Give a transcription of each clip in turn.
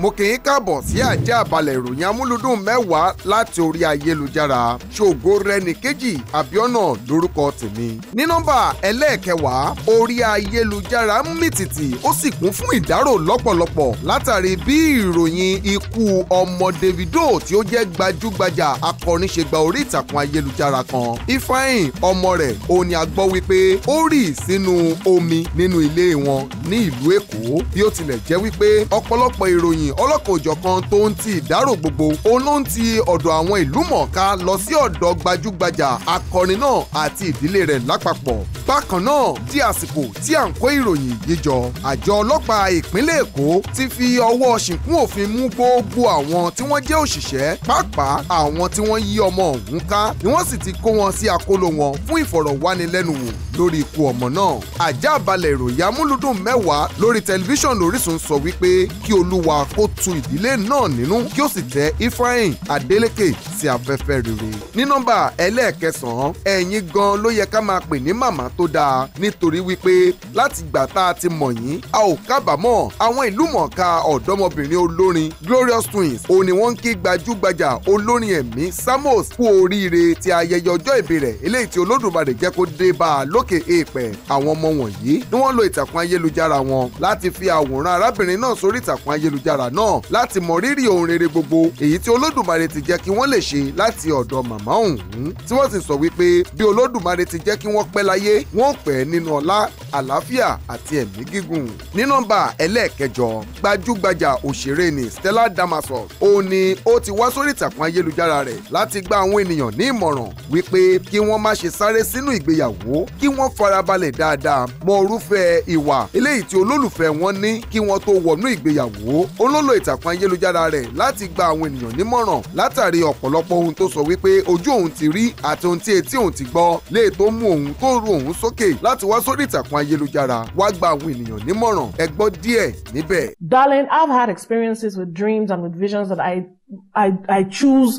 mo kì í káàbọ̀ sí àjẹ́ àbálẹ̀ ìròyìn amúlùdùn mẹ́wàá láti orí ayélujára ṣògo rẹni kejì àbíọ́nà lórúkọ tèmi. ní nọ́mbà ẹlẹ́ẹ̀kẹwàá orí ayélujára ń mìtìtì ó sì kún fún ìdárò lọ́pọ̀lọpọ̀ látàrí bí ìròyìn ikú ọmọ Davido tí ó jẹ́ gbajúgbajà akọrin ṣe gba orí ìtàkùn ayélujára kan Ifeanyi ọmọ rẹ̀ òun ni a gbọ́ wípé ó rì sínú omi nínú ilé wọn ní ìlú Èkó bí ó tilẹ̀ jẹ́ wípé ọ̀pọ̀lọpọ̀ ìròyìn ìròyìn ọlọ́kan òjọ̀kan tó ń ti ìdárò gbogbo òun ló ń ti ọ̀dọ̀ àwọn ìlú mọ̀ọ́ká lọ sí ọ̀dọ̀ gbajúgbajà akọrin náà àti ìdílé rẹ̀ lápapọ̀ bákan náà di àsìkò tí à ń kó ìròyìn yìí jọ àjọ ọlọ́pàá ìpínlẹ̀ èkó ti fi ọwọ́ ṣìnkún òfin mú gbogbo àwọn tí wọ́n jẹ́ òṣìṣẹ́ pàápàá àwọn tí wọ́n yí ọmọ ọ̀hún ká ni wọ́n sì ti kó wọn sí àkóló wọn fún ìfọ̀rọ̀wánilẹ́nuwò lórí ikú ọmọ náà àjá balẹ̀ ìròyìn amúlùdùn mẹ́wàá lórí tẹlifíṣàn Orísun sọ wípé kí olúwa kó tu ìdílé náà nínú kí ó sì tẹ Ifeanyi Adeleke sí afẹ́fẹ́ rere. ní nọ́mbà ẹlẹ́ẹ̀kẹsàn-án ẹ̀yin gan ló yẹ ká máa pè ní màmá tó dáa nítorí wípé láti gbà tá a ti mọ̀ yín a ò kábàámọ̀ àwọn ìlúmọ̀ọ́ká ọ̀dọ́mọbìnrin olórin Glorious Twins òun ni wọ́n ń kí gbajúgbajà olórin ẹ̀mí Samos kú oríire ti ayẹyẹ ọjọ́ ìbí rẹ̀ eléyìí tí Olódùmarè jẹ́ kó dé bá a lókè èèpẹ̀ àwọn ọmọ wọ̀nyí ni wọ́n lo ìtàkùn ayélujára wọn láti fi àwòrán arábìnrin náà sórí ìtàkùn ayélujára náà láti mọ rírì ohun rere gbogbo èyí tí Olódùmarè ti jẹ́ kí wọ́n lè ṣe láti ọ̀dọ̀ màmá ọ̀hún tí wọ́n sì sọ wípé bí olódùmarè ti jẹ́ kí wọ́n pẹ́ láyé wọ́n pẹ́ nínú ọlá àlàáfíà àti ẹ̀mí gígùn ní nọ́mbà ẹlẹ́ẹ̀kẹjọ gbajúgbajà òṣèré ni Stella Damasus òun ni ó ti wá sórí ìtàkùn ayélujára rẹ̀ láti gba àwọn ènìyàn ní ìmọ̀ràn wípé kí wọ́n má ṣe sáré sínú ìgbéyàwó kí wọ́n farabalẹ̀ dáadáa mọ orúfẹ́ ìwà eléyìí tí olólùfẹ́ wọn ní kí wọ́n tó wọnú ìgbéyàwó olólo ìtàkùn ayélujára rẹ̀ láti gba àwọn ènìyàn nímọ̀ràn látàrí ọ̀pọ̀lọpọ̀ ọ̀pọ̀lọpọ̀ ohun tó sọ wípé ojú òun ti rí àti ohun tí etí òun ti gbọ́ lè tó mú òun tó ru òun sókè láti wá sórí ìtàkùn ayélujára wá gba àwọn ènìyàn nímọ̀ràn ẹ díẹ̀ níbẹ̀. Darling, I've had experiences with dreams and with visions that I, I, I choose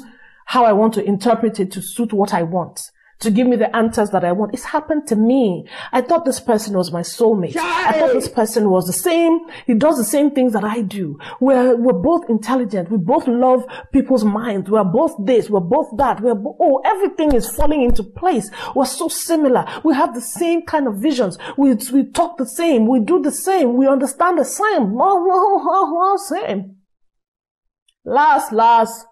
how I want to interpret it to suit what I want. to give me the answers that I want. It's happened to me. I thought this person was my soulmate. I thought this person was the same. He does the same things that I do. We're, we're both intelligent. We both love people's minds. We're both this. We're both that. We're, bo- oh, everything is falling into place. We're so similar. We have the same kind of visions. We, we talk the same. We do the same. We understand the same. Same. Last, last,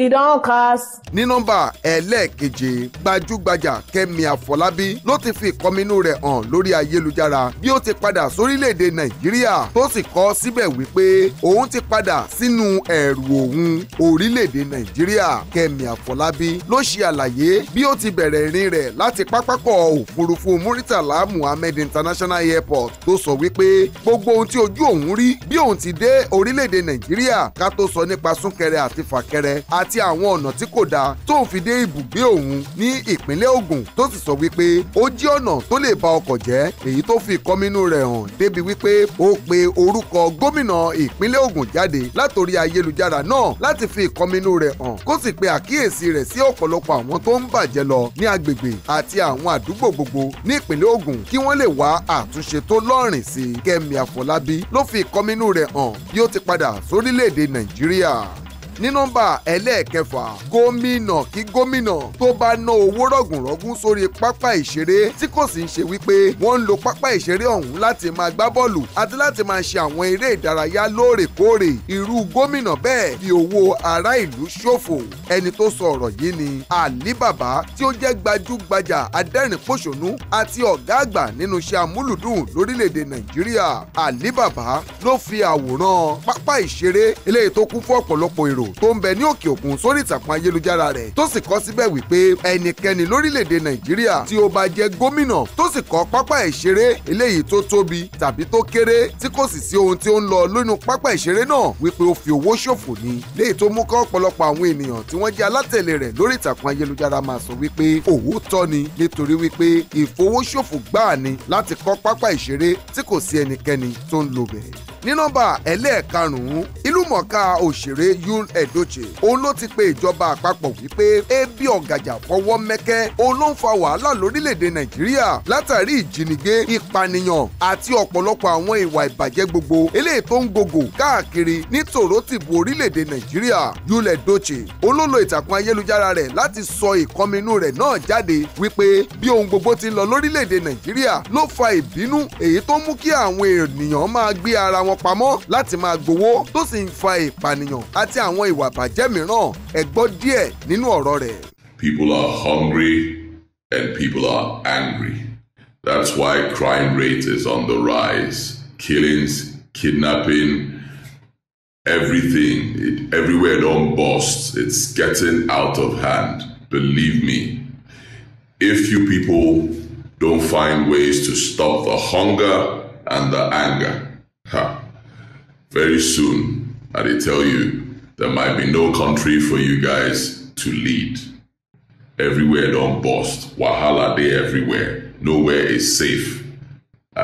It don cast. ní nọ́mbà ẹlẹ́ẹ̀keje gbajúgbajà Kẹ́mi Àfọlábí ló ti fi ìkọminú rẹ̀ hàn lórí ayélujára bí ó ti padà sórílẹ̀-èdè Nàìjíríà tó sì kọ síbẹ̀ wípé òun ti padà sínú ẹ̀rù òun orílẹ̀-èdè Nàìjíríà Kẹ́mi Àfọlábí ló ṣe àlàyé bí ó ti bẹ̀rẹ̀ ìrìn rẹ̀ láti pápákọ̀ òfurufú Muritala Muhammed International Airport tó sọ wípé gbogbo ohun tí ojú òun rí bí òun ti dé orílẹ̀-èdè Nàìjíríà ká tó sọ nípa súnkẹrẹ àti fàkẹrẹ àti àwọn ọ̀nà tí kò dáa tó ń fi dé ibùgbé òun ní ìpínlẹ̀ Ògùn tó sì sọ wípé ó jí ọ̀nà tó lè ba ọkọ̀ jẹ́ èyí tó fi ìkọminú rẹ̀ hàn débi wípé ó pe orúkọ gómìnà ìpínlẹ̀ Ògùn jáde látòrí ayélujára náà láti fi ìkọminú rẹ̀ hàn kó sì pe àkíyèsí rẹ̀ sí ọ̀pọ̀lọpọ̀ àwọn tó ń bàjẹ́ lọ ní agbègbè àti àwọn àdúgbò gbogbo ní ìpínlẹ̀ Ògùn kí wọ́n lè wá àtúnṣe tó lọ́rìn sí Kẹ́mi Àfọlábí ló fi ìkọminú rẹ̀ hàn bí ó ti padà sórílẹ̀-èdè Nàìjíríà ní nọ́mbà ẹlẹ́ẹ̀kẹfà gómìnà kí gómìnà tó bá ná owó rọ̀gùnrọ̀gùn sórí pápá ìṣeré tí kò sì ń ṣe wípé wọ́n ń lo pápá ìṣeré ọ̀hún láti máa gbá bọ́ọ̀lù àti láti máa ṣe àwọn eré ìdárayá lóòrèkóòrè irú gómìnà bẹ́ẹ̀ fi owó ará ìlú ṣòfò ẹni tó sọ ọ̀rọ̀ yìí ni Ali Baba tí ó jẹ́ gbajúgbajà adẹ́rìn-pòṣónú àti ọ̀gá àgbà nínú iṣẹ́ amúlùdùn lórílẹ̀‐èdè Nàìjíríà Ali Baba ló fi àwòrán pápá ìṣeré eléyìí tó kún fún ọ̀pọ̀lọpọ̀ èrò tó ń bẹ ní òkè òkun sórí ìtàkùn ayélujára rẹ̀ tó sì kọ síbẹ̀ wípé ẹnikẹ́ni lórílẹ̀‐èdè nàìjíríà tí ó bá jẹ́ gómìnà tó sì kọ́ pápá ìṣeré eléyìí tó tóbi tàbí tó kéré tí kò sì sí ohun tí ó ń lọ lónú pápá ìṣeré náà wípé ó fi owó ṣòfò ni léyìí tó mú kọ́ ọ̀pọ̀lọpọ̀ àwọn ènìyàn tí wọ́n jẹ́ alátẹ̀lé rẹ̀ lórí ìtàkùn ayélujára máa sọ wípé òótọ́ ni nítorí wípé ìfowóṣòfò gbáà ni láti kọ́ pápá ìṣeré tí kò sí ẹnikẹ́ni tó ń lò bẹ̀ẹ́ ní nọ́mbà ẹlẹ́ẹ̀karùn-ún ìlúmọ̀ọ́ká òṣèré Yul Edochie òun ló ti pe ìjọba àpapọ̀ wípé ebi ọ̀gàjà fọwọ́ mẹ́kẹ́ òun ló ń fa wàhálà lórílẹ̀‐èdè Nàìjíríà látàrí ìjínigbé ìpànìyàn àti ọ̀pọ̀lọpọ̀ àwọn ìwà ìbàjẹ́ gbogbo eléyìí tó ń gògò káàkiri ní tòrótìbù orílẹ̀‐èdè Nàìjíríà Yul Edochie olólo ìtàkùn ayélujára rẹ̀ láti sọ ìkọminú rẹ̀ náà jáde wípé bí ohun gbogbo ti ń lọ lórílẹ̀‐èdè Nàìjíríà ló fa ìbínú èyí tó mú kí àwọn ènìyàn máa gbé ara wọn wọn pamọ́ láti máa gbowó tó sì ń fa ìpànìyàn àti àwọn ìwà bàjẹ́ mìíràn ẹ díẹ̀ nínú ọ̀rọ̀ rẹ̀. People are hungry and people are angry. That's why crime rate is on the rise. Killings, kidnapping, everything, it, everywhere don't bust. It's getting out of hand. Believe me. If you people don't find ways to stop the hunger and the anger, very soon, I did tell you, there might be no country for you guys to lead. Everywhere don't bust. Wahala day everywhere. Nowhere is safe.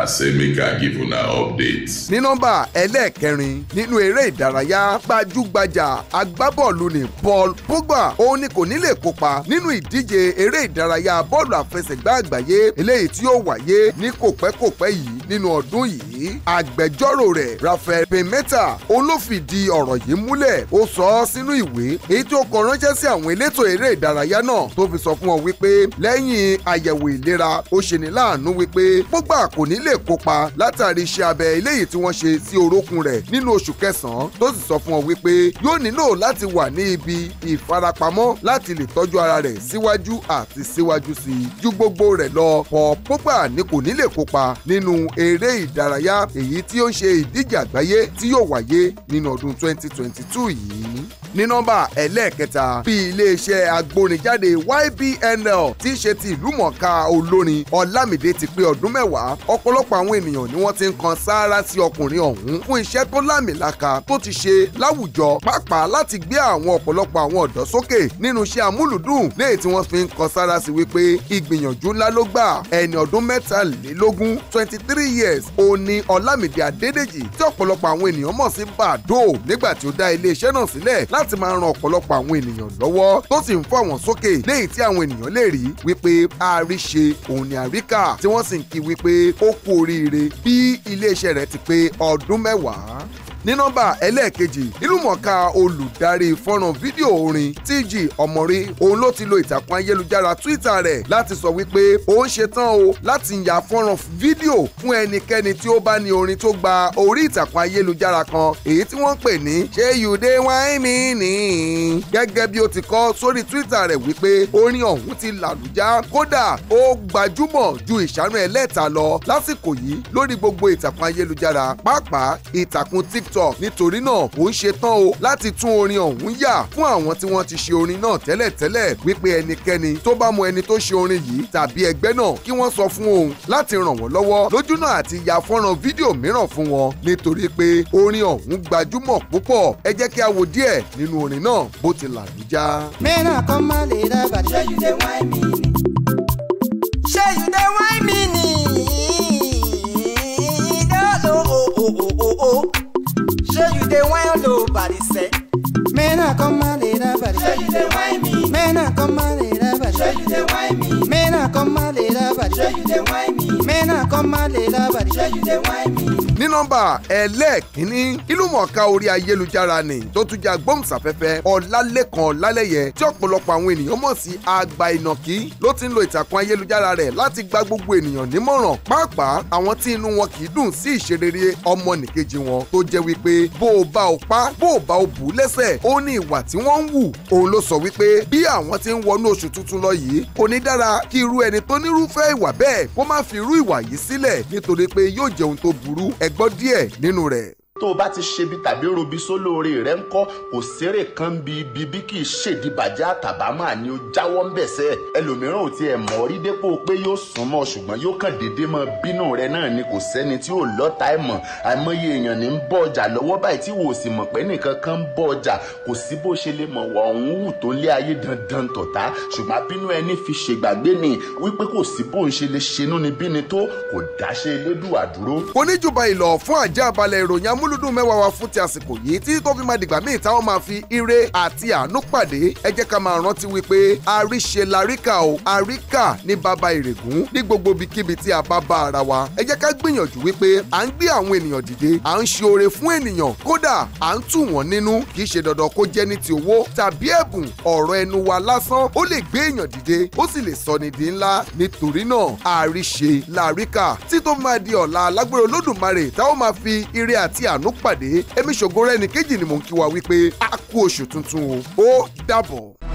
Asemika give una update. ní nọ́mbà ẹlẹ́ẹ̀kẹrin nínú eré ìdárayá gbajúgbajà agbábọ́ọ̀lù ni Paul Pogba òun ni kò ní lè kópa nínú ìdíje eré ìdárayá bọ́ọ̀lù àfẹsẹ̀gbá àgbáyé eléyìí tí yóò wáyé ní kòpẹ́kòpẹ́ yìí nínú ọdún yìí agbẹjọ́rò rẹ̀ Rafael Pimenta òun ló fìdí ọ̀rọ̀ yìí múlẹ̀ ó sọ ọ́ sínú ìwé èyí tí ó kọ ránṣẹ́ sí àwọn elétò eré ìdárayá náà tó fi sọ fún ọ wípé lẹ́yìn àyẹ̀wò ìlera ó ṣeni láàánú wípé Pogba kò ní lè kópa látàrí iṣẹ́ abẹ eléyìí tí wọ́n ṣe sí orókùn rẹ̀ nínú oṣù kẹsàn-án tó sì sọ fún ọ wípé yóò nílò láti wà ní ibi ìfarapamọ́ láti lè tọ́jú ara rẹ̀ síwájú àti síwájú sí i ju gbogbo rẹ̀ lọ Paul Pogba ni kò ní lè kópa nínú eré ìdárayá èyí tí ó ń ṣe ìdíje àgbáyé tí yóò wáyé nínú ọdún 2022 yìí ní nọ́mbà ẹlẹ́ẹ̀kẹta bí iléeṣẹ́ agbórinjáde YBNL tí í ṣe ti ìlú mọ̀ọ́ká olórin Ọlámídé ti pé ọdún mẹ́wàá ọ̀pọ̀lọpọ̀ àwọn ènìyàn ni wọ́n ti ń kan sáárá sí ọkùnrin ọ̀hún fún iṣẹ́ tó lámìlaka tó ti ṣe láwùjọ pàápàá láti gbé àwọn ọ̀pọ̀lọpọ̀ àwọn ọ̀dọ́ sókè nínú iṣẹ́ àmúlùdùn léyìí tí wọ́n fi ń kan sáárá sí wípé ìgbìyànjú ńlá ló gbà ẹni ọdún mẹ́tàlélógún twenty three years òun ni Ọlámídé Adédèjì tí ọ̀pọ̀lọpọ̀ àwọn ènìyàn mọ̀ sí Badoo nígbà tí ó dá iléeṣẹ́ náà sílẹ̀ lá láti máa ran ọ̀pọ̀lọpọ̀ àwọn ènìyàn lọ́wọ́ tó sì ń fọ́ wọn sókè léyìí tí àwọn ènìyàn lè rí wípé àríṣe òun ni àríkà tí wọ́n sì ń kí wípé ó kú oríire bí iléeṣẹ́ rẹ̀ ti pé ọdún mẹ́wàá ní nọ́mbà ẹlẹ́ẹ̀kejì ìlúmọ̀ọ́ká olùdarí fọ́nrán fídíò orin TG Ọmọrí òun ló ti lo ìtàkùn ayélujára Twitter rẹ̀ láti sọ wípé òun ṣetán o láti ya fọ́nrán fídíò fún ẹnikẹ́ni tí ó bá ní orin tó gba orí ìtàkùn ayélujára kan èyí tí wọ́n ń pè ní ṣé you dey whine me nìyí orin gẹ́gẹ́ bí ó ti kọ sórí Twitter rẹ̀ wípé orin ọ̀hún ti làlùjá kódà ó gbajúmọ̀ ju ìṣàánú ẹlẹ́ta lọ lásìkò yìí lórí gbogbo ìtàkùn ayélujára pàápàá ìtàkùn TikTok nítorí náà ó ń ṣe tán o láti tún orin ọ̀hún yà fún àwọn tí wọ́n ti ṣe orin náà tẹ́lẹ̀tẹ́lẹ̀ wípé ẹnikẹ́ni tó bá mọ ẹni tó ṣe orin yìí tàbí ẹgbẹ́ náà kí wọ́n sọ fún òun láti ràn wọ́n lọ́wọ́ lójúnà àti ya fọ́nrán fídíò mìíràn fún wọn nítorí pé orin ọ̀hún gbajúmọ̀ púpọ̀ ẹ jẹ́ kí a wò díẹ̀ nínú orin náà b bó ti là mí já. men are common dey die but shey you dey whine me ni. shey you dey whine me ni. dolo o o o o o shey you dey whine nobody sef. men are common dey die but shey you dey whine me. men are common dey die but shey you dey whine me. men are common dey die but shey you dey whine me. men are common dey die but shey you dey whine me nọ́mbà ẹlẹ́ẹ̀kínní ìlúmọ̀ọ́ká orí ayélujára ni tó tún jẹ́ agbóhùnsáfẹ́fẹ́ ọ̀làlẹ́kan ọ̀làlẹ́yẹ tí ọ̀pọ̀lọpọ̀ àwọn ènìyàn mọ̀ sí àgbà ìnàkí ló ti ń lo ìtàkùn ayélujára rẹ̀ láti gba gbogbo ènìyàn nímọ̀ràn pàápàá àwọn tí inú wọn kì í dùn sí ìṣerere ọmọnìkejì wọn tó jẹ́ wípé bó o bá o pa bó o bá o bù ú lẹ́sẹ̀ ó ní ìwà tí wọ́n ń wù òun ló sọ wípé bí àwọn ti ń wọnú oṣù tuntun lọ yìí kò ní dára kí irú ẹni tó nírúfẹ́ ìwà bẹ́ẹ̀ kó má fi irú ìwà yìí sílẹ̀ nítorí pé yóò jẹ́ ohun tó burú ẹ̀gbọ́n díẹ̀ nínú rẹ̀ tó o bá ti ṣebi tàbí robi sólóore rẹ ń kọ́ kò sérè kan bí ibi bí kì í ṣèdíbàjẹ́ àtàbámà ni ó jáwọ́ ń bẹ̀sẹ̀ ẹlòmíràn ò tiẹ̀ mọ̀ rí dépò pé yóò sún mọ́ ṣùgbọ́n yóò kàn dédé mọ bínú rẹ náà ni kò sẹ́ni tí ò lọ́ta ẹ̀ mọ̀ àìmọye èèyàn ní ń bọ́ ọjà lọ́wọ́ báyìí tí wò sì mọ̀ pé nìkan kan ń bọ́ ọjà kò sí bó ṣe lè mọ̀ wà òun wù tó lé ayé dandan tọ̀tá ṣùgbọ́n bínú ẹni fi ṣègbàgbé ni wípé kò sí bó ń ṣe lè ṣenú ni bíni tó kò dáṣe elédùn àdúró. oníjùbà ìlọ̀ fún àjẹ́ abalẹ̀ ìròyìn amú amúlùdùn mẹ́wàá wa fún ti àsìkò yìí títí tó fi máa dìgbà míì táwọn máa fi ire àti àánú pàdé ẹ jẹ́ ká máa rántí wípé àríṣe láríkà o àríkà ní bàbá ìrègùn ní gbogbo ibikíbi tí a bá bá ara wa ẹ jẹ́ ká gbìyànjú wípé à ń gbé àwọn ènìyàn dìde à ń ṣe oore fún ènìyàn kódà à ń tù wọ́n nínú kì í ṣe dandan kó jẹ́ ní ti owó tàbí ẹ̀bùn ọ̀rọ̀ ẹnu wa lásán ó lè gbé èèyàn dìde ó sì lè sọ ni di ńlá nítorí náà àríṣe láríkà títí máa di ọ̀la alágbèrè olódùmarè táwọn máa fi ire àti à àánú pàdé èmi ṣògo rẹ ní kejì ni mò ń kí wa wípé a kú oṣù tuntun o ó dàbọ̀.